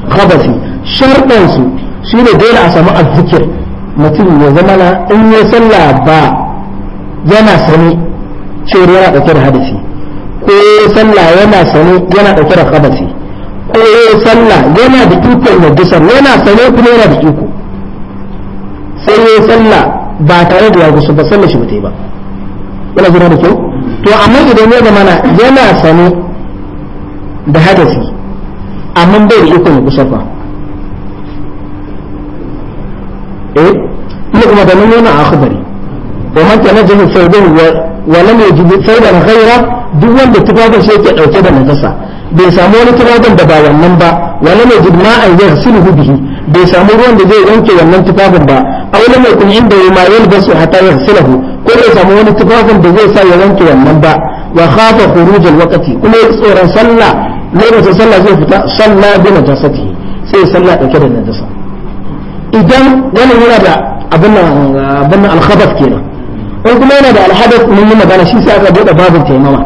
khabasi sharɗan su shi ne dole a samu azzikir mutum ya zama na in ya sallah ba yana sani cewar yana ɗauke da hadisi ko sallah yana sani yana ɗauke da khabasi ko sallah yana da ikon ya dusar yana sani kuma yana da iko sai ya sallah ba tare da ya gusu ba sallah shi ba ba kuna jira da kyau to amma idan ya zamana yana sane da hadasi amma bai da ikon kusa fa eh ina kuma da nan yana akhbari wa man kana jahu sayyidahu wa lam yajid sayyidan ghaira duk wanda tufafin shi yake dauke da najasa bai samu wani tufafin da ba wannan ba wa lam yajid ma'an yaghsiluhu bihi bai samu ruwan da zai wanke wannan tufafin ba aw lam yakun inda ma yalbasu hatta yaghsiluhu zai samu wani tufafin da zai sa ya wanke wannan ba wa khafa khurujal waqti kuma ya tsoron sallah lokacin sallah zai fita sallah bi najasati sai sallah dauke da najasa idan wani yana da abin nan abin nan alkhabath kenan in kuma yana da alhadath mun yi magana shi sai aka bude babin taimama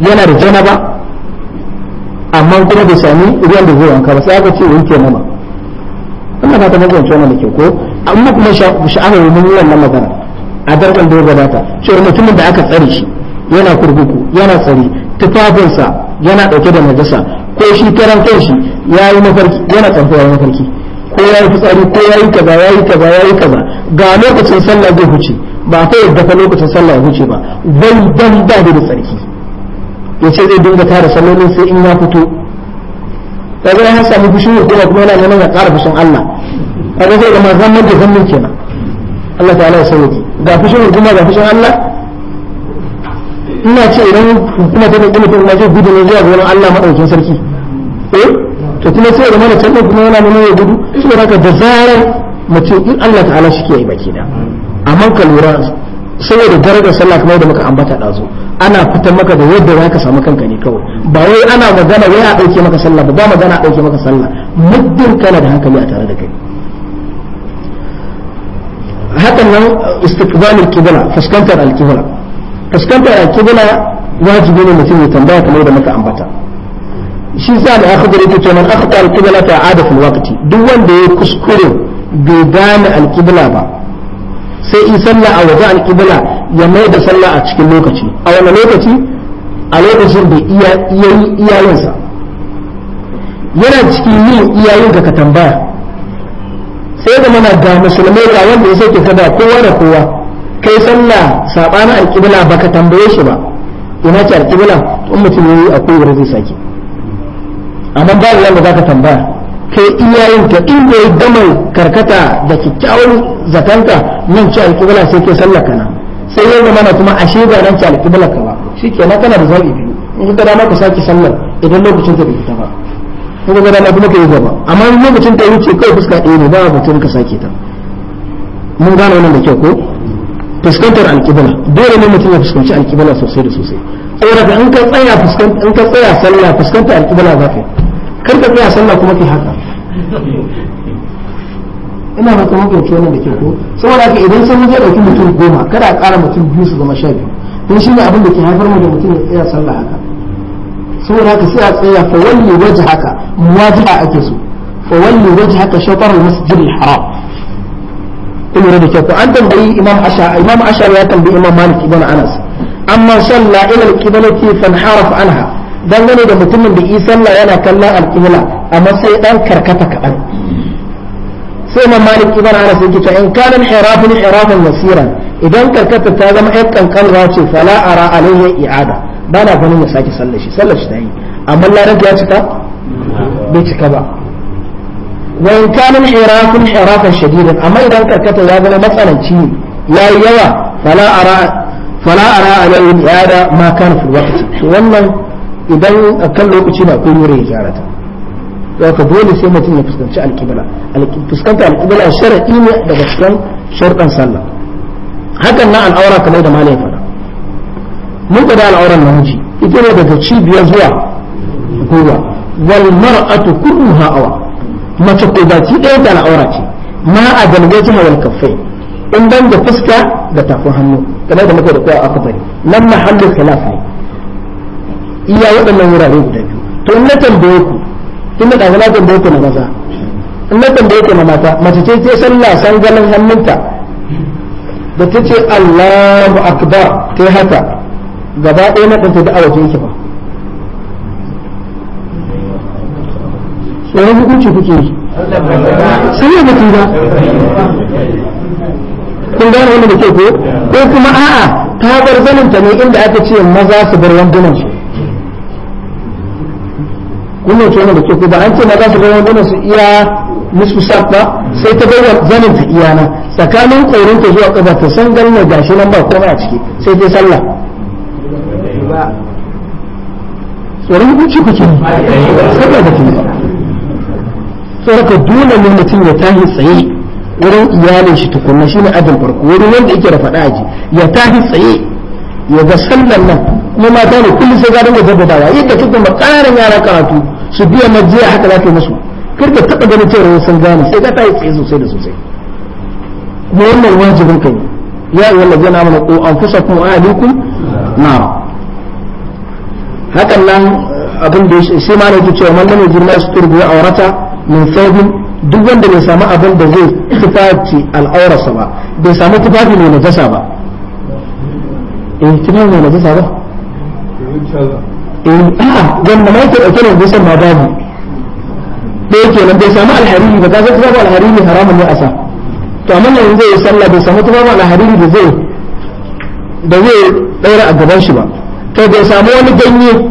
yana da janaba amma kuma bai sami ruwan da zai wanka ba sai aka ce wanke mama Allah ba ta mazance wannan da ke ko amma kuma sha'awar mun yi wannan magana a darban da ya gabata cewar mutumin da aka tsare shi yana kurkuku yana tsare tufafinsa yana dauke da najasa ko shi karan kanshi ya yi mafarki yana tsamfiyar mafarki ko ya yi fitsari ko ya yi kaza ya yi kaza ya yi kaza ga lokacin sallah zai huce ba ta yadda fa lokacin sallah ya huce ba wai dan da da tsarki ya ce zai dinga tara sallolin sai in ya fito kaga ya samu fushi ne kuma kuma yana neman ya ƙara fushin Allah kaga sai da ma zaman da zaman kenan Allah ta'ala ya sauke ga fushin hukuma ga fushin Allah ina ce idan hukuma ta dauki mutum zai gudu ne zuwa gurin Allah madaukin sarki eh to kuma sai da mana canza kuma yana nuna ya gudu shi da haka da zarar mutum in Allah ta'ala shi ke yi baki da amma ka lura saboda darajar sallah kamar da muka ambata dazu ana fitar maka da yadda za ka samu kanka ne kawai ba wai ana magana wai a dauke maka sallah ba ba magana a dauke maka sallah muddin kana da hankali a tare da kai hakan nan kibira qibla fuskantar al-qibla fuskantar al-qibla wajibi ne mutum ya tambaya kamar da muka ambata shi sa da akhdar yake cewa man akhta al-qibla ta ada fil waqti duk wanda ya kuskure bai gane al-qibla ba sai in sallah a waje al-qibla ya mai da sallah a cikin lokaci a wani lokaci a lokacin da iya iyayensa yana cikin yin iyayen ka tambaya sai da mana ga musulmai ga wanda ya sauke kada kowa da kowa kai sallah sabana alƙibla baka tambaye shi ba ina ce alƙibla in mutum yayi akwai wurin zai saki amma ba za ka tambaya kai iyayen ka inda ya gama karkata da kyakkyawan zakanta nan ce alƙibla sai kai sallah kana sai ya zama kuma ashe ba nan ce alƙibla ka ba shikenan kana da zabi biyu in ka dama ka sake sallar idan lokacin ka bai fita ba kuma ga dama kuma ka yi gaba amma lokacin ta ce kai fuska ɗaya ne ba a mutum ka sake ta mun gane wannan da kyau ko fuskantar alƙibla dole ne mutum ya fuskanci alƙibla sosai da sosai saboda in ka tsaya in ka tsaya sallah fuskantar alƙibla za ka yi kar ka tsaya sallah kuma kai haka ina ba kuma kai wannan da kyau ko saboda ka idan sun yi je mutum goma kada a ƙara mutum biyu su zama sha biyu don shi ne abin da ke haifar mu da mutum ya tsaya sallah haka saboda haka sai a tsaya fa walli wajhaka muwajiha ake so fa walli wajhaka shatar al-masjid al-haram in da kyau an tambayi imam ashar imam ashar ya tambayi imam malik ibn anas amma salla ila al-qiblati fanharaf anha dangane da mutumin da yi sallah yana kallon al-qibla amma sai dan karkata kadan sai imam malik ibn anas yake to in kana al-hirafun hirafan yasiran idan karkata ta zama ai kankan race fala ara alayhi i'ada ba na ganin ya sake sallar shi sallar shi ta yi amma larar ya cika bai cika ba wa in kana irafun shadidan amma idan karkata ya zama matsananci ne yayi yawa fala ara fala ara ala al-i'ada ma kan fi waqti to wannan idan akan lokaci na ko yure ya ta to ka dole sai mutum ya fuskanci al fuskanta al-qibla shar'i ne daga cikin sharɗan sallah hakan na al'aura kamar da malai mun da al'auran namiji ita ne daga cibiyar zuwa gwiwa wal mar'atu kulluha awa mace ko baki ɗaya da al'aura ce ma a dalgaji wal kafai in ban da fuska da tafin hannu kamar da muka da kowa a kabari nan na hannun khilaf ne iya waɗannan wurare guda biyu to in na tambaye ku tun da na tambaye ku na maza in na tambaye ku na mata mace ce ce sallah san ganin hannunta da ta ce Allahu akbar ta haka gaba ɗaya na ɗanta da a wajen ki ba tsoron hukunci kuke yi sun yi mutu ba kun gane wanda da ke ko ko kuma a'a ta bar ta ne inda aka ce maza su bar wandunan su wannan ce wanda da ke ko ba an ce maza su bar wandunan su iya nisfu shaf ba sai ta bar zaninta iyana tsakanin ta zuwa ƙafa ta san ganin gashi nan ba kuma a ciki sai dai sallah tsoron hukunci kuke saboda da kuma dole ne mutum ya tahi tsaye wurin iyalin shi tukunna shi ne ajin farko wurin wanda yake da faɗa aji ya tahi tsaye ya ga sallar nan kuma mata ne kullum sai gadon da dawa yadda kuka ma ƙarin yara karatu su biya majiya haka za ka yi musu kar ka taɓa ganin cewa sun gane sai ka tahi tsaye sosai da sosai kuma wannan wajibin kai ya yi wallazi na mana ko an fusa kuma a na'am hakan nan abin da sai ma na cewa man lam yajid yastur bi awrata min thawbin duk wanda bai samu abin da zai tufafi al'aurarsa ba bai samu tufafi mai najasa ba eh tufafi mai najasa ba eh a'a wanda ma yake dauke da gusan ma babu yake kenan bai samu alhariri ba kaga tufafi alhariri haramun ne a sa to amma yanzu zai sallah bai samu tufafi alhariri da zai da zai daura a gaban shi ba To bai samu wani ganye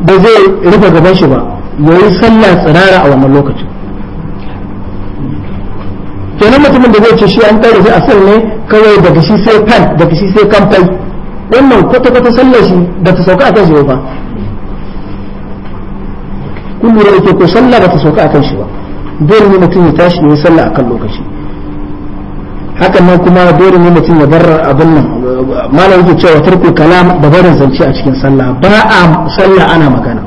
da zai rufe gaban shi ba yayi sallah tsirara a wannan lokacin kenan mutumin da zai ce shi an kare shi a ne kawai daga shi sai kan daga shi sai kamfai wannan kwata-kwata sallar shi da ta sauka a kan shi ba kun lura da ke ko sallah ba ta sauka a kan shi ba dole ne mutum ya tashi ya yi sallah a kan lokaci hakan nan kuma dole ne mutum ya bar abin nan malam yake cewa tarkul kalam da barin zance a cikin sallah ba a sallah ana magana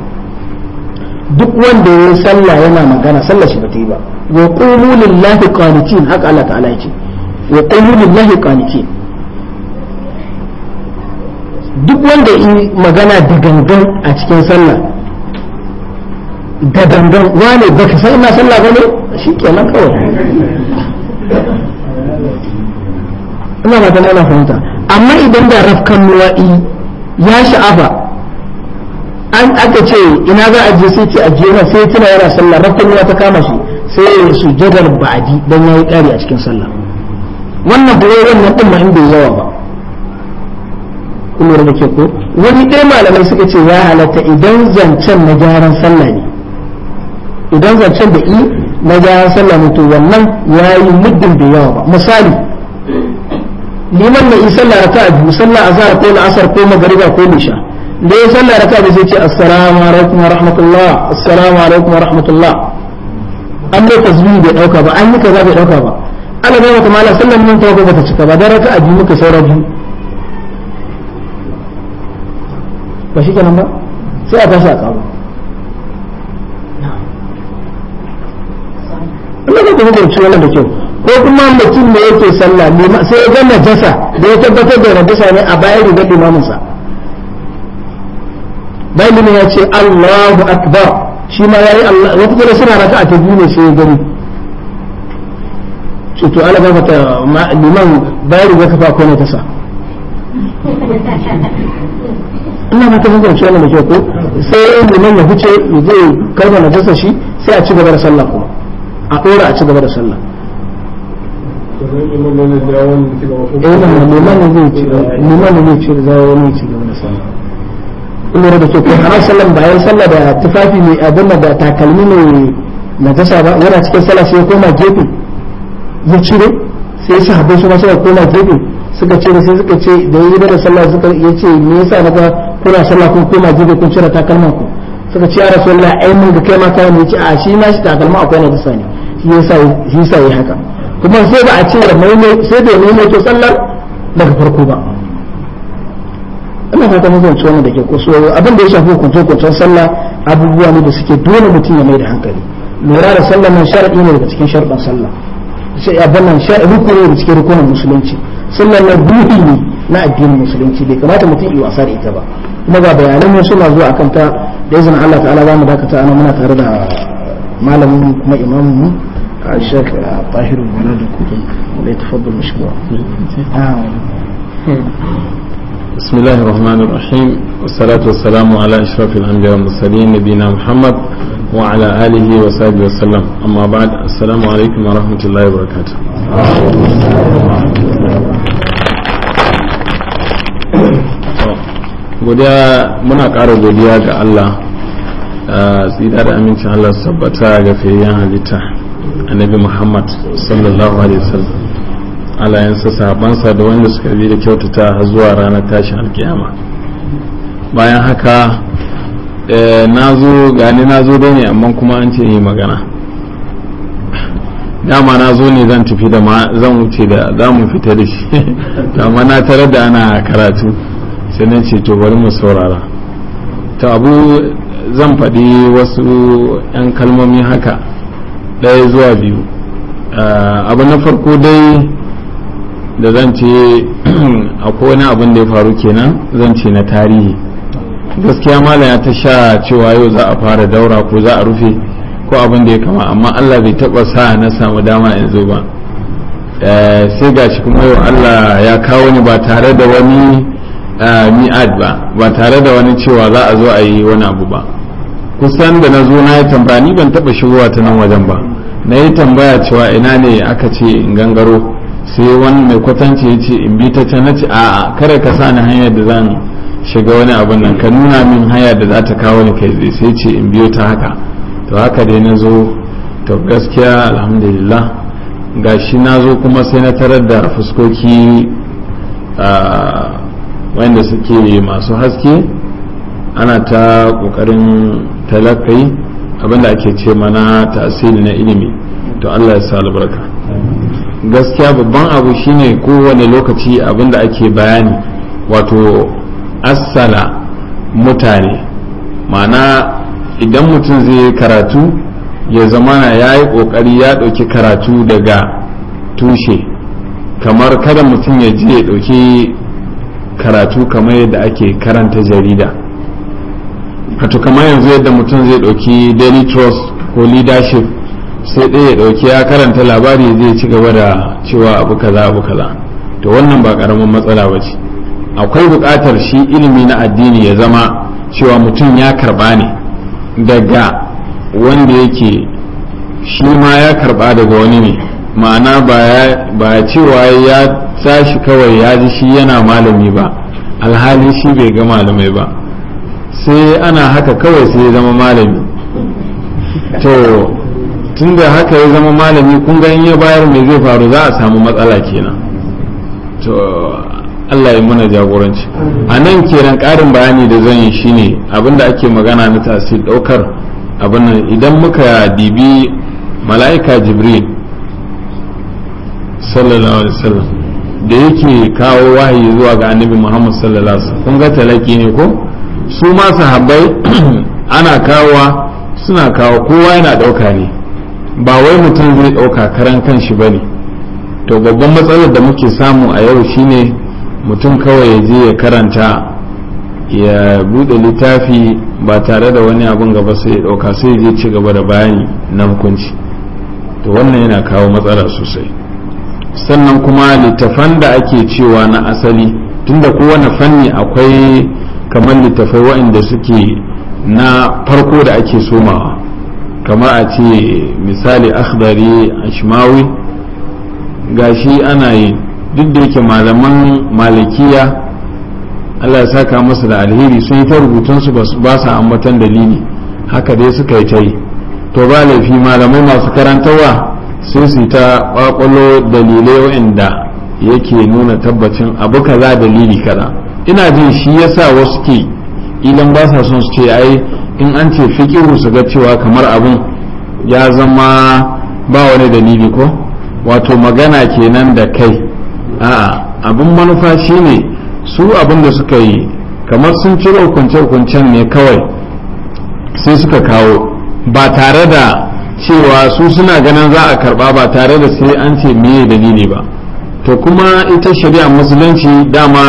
duk wanda ya sallah yana magana sallah shi bata yi ba wa qulu lillahi qanitin haka Allah ta'ala yake wa qulu lillahi qanitin duk wanda yi magana da gangan a cikin sallah da gangan wane ba ka san ina sallah ba ne shikenan kawai ina ba ta ana fahimta amma idan da rafkan nuwa'i ya sha'afa an aka ce ina za a je sai ce a jera sai tuna yana sallah rafkan nuwa ta kama shi sai ya su jadar ba'adi dan yayi kari a cikin sallah wannan bare wannan din ma in bai yawa ba kullum da ke ko wani ɗaya malamai suka ce ya halatta idan zancen na gyaran sallah ne idan zancen da i na gyaran sallah ne to wannan ya yi muddin da yawa ba misali liman mai in sallah a biyu sallah zahar ko la'asar ko magariba ko nisha da ya sallah biyu sai ce assalamu alaikum wa rahmatullah assalamu alaikum wa rahmatullah an bai dauka ba an yi kaza bai dauka ba ana ba mata mala sallan nan tawaga bata cika ba dan biyu muka saura biyu ba shi kenan ba sai a tashi a Allah kuma wannan da kyau ko kuma mutum ne yake sallah sai ya ga najasa da ya tabbatar da najasa ne a bayan rigar sa bayan limin ya ce Allahu akbar shi ma yayi Allah wata kira suna raka a biyu ne sai ya gani ce to ala ba ta liman bayan rigar kafa ko sa ina ba ta hukunci cewa da kyau ko sai liman ya huce ya je karba najasa shi sai a ci gaba da sallah kuma a ɗora a ci gaba da sallah liman ne zai ci liman zai ci da wani ne ci da wani sallah kuma da ke kuma sallan bayan sallah da tufafi ne abin da takalmi ne na tasa ba yana cikin sallah sai koma gefe ya cire sai sahabbai su ma suka koma gefe suka cire sai suka ce da yi da sallah suka ya ce me yasa na ga kuna sallah kun koma gefe kun cire takalman ku suka ce ya rasulullah ai mun ga kai ma kai ne ce a shi ma shi takalma akwai na tasa ne shi yasa shi yasa yi haka kuma sai ba a ce da maimai sai da maimai ke sallar daga farko ba ina fata mafi wannan da ke kuso abin da ya shafi hukunce hukuncen sallah abubuwa ne da suke dole mutum ya mai da hankali lura da sallah nan sharadi ne daga cikin sharadin sallah sai abin nan rukuni daga cikin rukunin musulunci sallah na ruhi ne na addinin musulunci bai kamata mutum ya wasa da ita ba kuma ga bayanan mun suna zuwa akan ta da izinin Allah ta'ala za mu dakata ana muna tare da malamin kuma imamin mu الشيخ آه، طاهر البلد وليتفضل مشروع آه. آه. بسم الله الرحمن الرحيم والصلاة والسلام على أشرف الأنبياء والمرسلين نبينا محمد وعلى آله وصحبه وسلم أما بعد السلام عليكم ورحمة الله وبركاته godiya muna ƙara godiya ga Allah tsira da amincin Allah su tabbata ga fiyayyen halitta annabi muhammad sallallahu alaihi wasallam alayansa sahabansa da wanda suka bi da kyautata har zuwa ranar tashin alkiyama bayan haka eh, na zo gani na zo da ne amma kuma an ce yi magana dama na zo ne zan tafi da zan wuce da za mu fita da shi [LAUGHS] amma na tarar da ana karatu sai na ce to bari mu saurara ta abu zan faɗi wasu 'yan kalmomi haka ɗaya zuwa biyu ah, abu na farko dai da zan ce [CLEARS THROAT] akwai wani abin da ya faru kenan zan ce na tarihi gaskiya ya ta sha cewa yau za a fara daura ko za a rufe ko abin da ya kama amma allah bai taba sa na samu dama in zo ba eh, sai ga shi kuma yau allah ya kawo ni ba tare da wani ah, mi'ad ba ba tare da wani cewa za a zo a yi wani abu ba kusan da na zo na ya tambani ban taba shigowa ta nan wajen ba na yi tambaya cewa ina ne aka ce in gangaro sai wani mai kwatanci ya ce in bi ta can na ce a'a kare ka sa ni hanyar da zan shiga wani abin nan ka nuna min haya da za ta kawo ni kai zai sai ce in biyo ta haka to haka dai na zo to gaskiya alhamdulillah gashi na zo kuma sai na tarar da fuskoki wanda suke masu haske ana ta kokarin talakai abinda ake ce mana tasiri na ilimi to Allah ya sa albarka gaskiya babban abu shine kowane lokaci abinda ake bayani wato assala mutane ma'ana idan mutum zai karatu ya zamana ya yi ƙoƙari ya ɗauki karatu daga tushe kamar kada mutum ya je ya ɗauki karatu kamar yadda ake karanta jarida kato kamar yanzu yadda mutum zai ɗauki daily trust ko leadership sai ɗaya ya ɗauki ya karanta labari zai ci gaba da cewa abu kaza abu kaza to wannan ba ƙaramin matsala ba ce akwai buƙatar shi ilimi na addini ya zama cewa mutum ya karɓa ne daga wanda yake shi ma ya karɓa daga wani ne ma'ana ba ya cewa ya tashi kawai ya ji shi yana malami ba alhali shi bai ga malamai ba sai ana haka kawai sai ya zama malami to tunda haka ya zama malami kun ga in ya bayar mai zai faru za a samu matsala kenan to Allah ya mana jagoranci a nan kenan karin bayani da zan yi shine abinda ake magana na tasir ɗaukar abin nan idan muka dibi mala'ika jibril sallallahu alaihi wasallam da yake kawo wahayi zuwa ga annabi muhammad sallallahu alaihi wasallam kun ga talaki ne ko su ma sahabbai [CLEARS THROAT] ana kawowa suna kawo kowa yana ɗauka ne ba wai mutum zai ɗauka karan shi ba ne to babban matsalar da muke samu a yau shine mutum kawai ya je ya karanta ya buɗe littafi ba tare da wani abun gaba sai ya ɗauka sai ya ci gaba da bayani na hukunci to wannan yana kawo matsala sosai sannan kuma littafan da ake cewa na asali tunda kowane fanni akwai kamar littafai waɗanda suke na farko da ake somawa kamar a ce misali akhdari ashmawi gashi ana yi duk da yake malaman malakiya. Allah ya saka masa da alheri sun yi ta rubutunsu ba su ambatan dalili haka dai suka yi ta yi to ba laifi malamai masu karantarwa sun su ta ƙwaƙwalo dalilai waɗanda yake nuna tabbacin abu kaza dalili kaza ina jin shi yasa wasu ke idan ba sa son su ce ai in an ce fikiru su ga cewa kamar abin ya zama ba wani dalili ko wato magana kenan da kai a'a abin manufa ne su abin da suka yi kamar sun cire hukunce-hukuncen ne kawai sai suka kawo ba tare da cewa su suna ganin za a karba ba tare da sai an ce meye dalili ba to kuma ita shari'a musulunci dama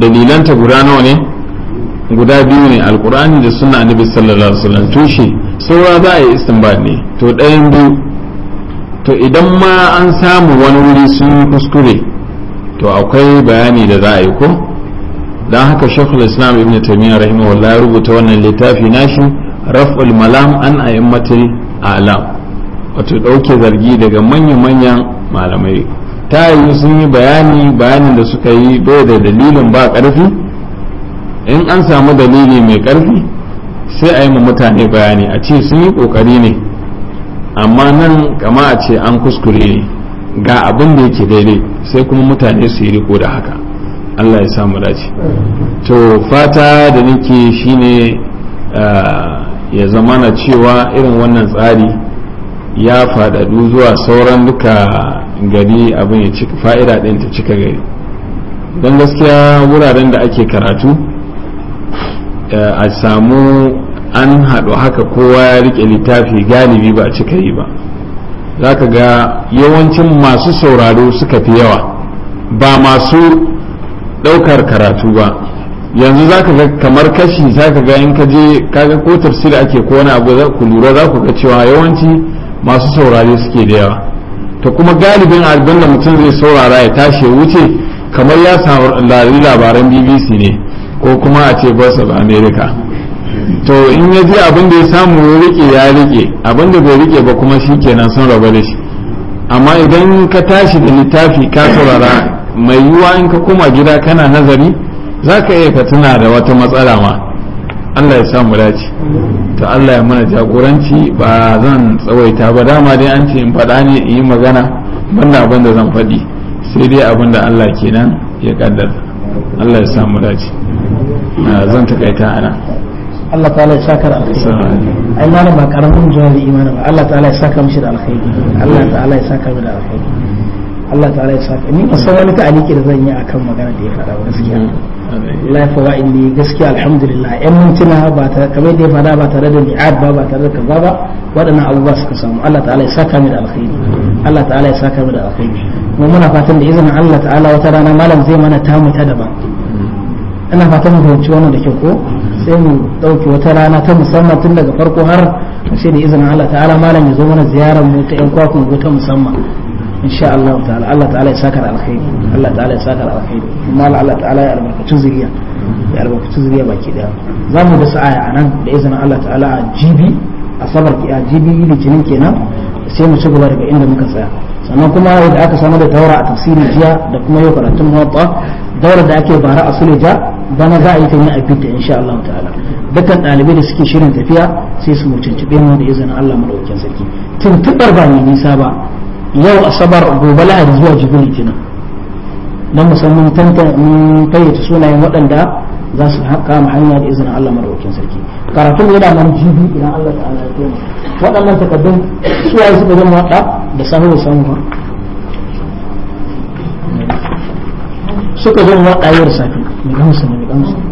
dalilanta guda nawa ne guda biyu ne alkur'ani da suna annabi sallallahu alaihi wasallam tushe saura za a yi istinbat ne to ɗayan biyu to idan ma an samu wani wuri sun kuskure to akwai bayani da za a yi ko don haka shekul islam ibn taimiyya rahimahullah ya rubuta wannan littafi nashi raf'ul malam an a a a'lam wato ɗauke zargi daga manya-manyan malamai ta yi sun yi bayani bayanin da suka yi bai da dalilin ba ƙarfi in an samu dalili mai ƙarfi sai a yi ma mutane bayani a ce sun yi ƙoƙari ne amma nan kama a ce an kuskure ne ga abin da yake daidai sai kuma mutane su yi riko da haka allah ya samu dace to fata da nake shine ah, ya zamana cewa irin wannan tsari ya faɗaɗu zuwa sauran duka gari abin ya cika fa'ida ɗin ta cika gari don gaskiya wuraren da ake karatu eh, a samu an haɗu haka kowa ya riƙe littafi galibi ba cika yi ba za ka ga yawancin masu sauraro suka fi yawa ba masu ɗaukar karatu ba yanzu za ka ga kamar kashi za ka ga in ka je kaga ko tafsir ake ko wani abu ku lura za ku ga cewa yawanci masu saurari suke da yawa ta kuma galibin abin da mutum zai saurara ya tashi ya wuce kamar ya lari labaran bbc ne ko kuma a ce voice of america to in ya ji abin da ya samu ya rike ya rike abin da bai rike ba kuma shi kenan son raba da shi amma idan ka tashi da littafi ka saurara mai yiwuwa in ka koma gida kana nazari za ka iya ka tuna da wata matsala ma Allah ya samu dace to Allah ya mana jagoranci ba zan tsawaita ba dama dai an ce in faɗa ne in yi magana banda abin da zan faɗi sai dai abin da Allah kenan ya kaddara Allah ya samu dace ah, zan takaita ana Allah ta'ala ya saka alkhairi ai malam ba karamin jawabi imani ba Allah ta'ala ya saka mishi da alkhairi Allah ta'ala ya saka mishi da alkhairi Allah ta'ala ya saka ni ba sai wani ta'aliki da zan yi akan magana da ya faɗa gaskiya mm. la fawaid ne gaskiya alhamdulillah yan mintuna ba ta kamar da ya fada ba tare da mi'ad ba ba tare da kaza ba waɗannan abubuwa suka samu Allah ta'ala ya saka mu da alkhairi Allah ta'ala ya saka mu da alkhairi mu muna fatan da izinin Allah ta'ala wata rana malam zai mana tamu ta daban ina fatan mu fahimci wannan da kyau ko sai mu ɗauki wata rana ta musamman tun daga farko har sai da izinin Allah ta'ala malam ya zo mana ziyarar mu ta yan kwakwan ta musamman insha Allah ta'ala Allah ta'ala ya saka alkhairi Allah ta'ala ya saka alkhairi kuma Allah ta'ala ya albarkaci zuriya ya albarkaci zuriya baki daya za mu da sa'a nan da izinin Allah ta'ala a jibi a sabar ki a jibi litinin kenan sai mu ci gaba daga inda muka tsaya sannan kuma yadda aka samu da taura a tafsirin jiya da kuma yau karatun muwatta daura da ake bara a suleja bana za a yi ta ne a bidda insha Allah ta'ala dukkan ɗalibai da suke shirin tafiya sai su mu mutuntube mu da izinin Allah mu dauke sarki tuntuɓar ba mai nisa ba yau asabar gobe lahadi zuwa jibi litinin don musamman tantan mun fayyace sunayen waɗanda za su haƙa mu hanya da izinin Allah madaukakin sarki karatun yana nan jibi idan Allah ta'ala ya kai waɗannan takaddun suwaye suka zama waɗa da sahu samu ba suka zama waɗayar safi mai gamsa mai gamsa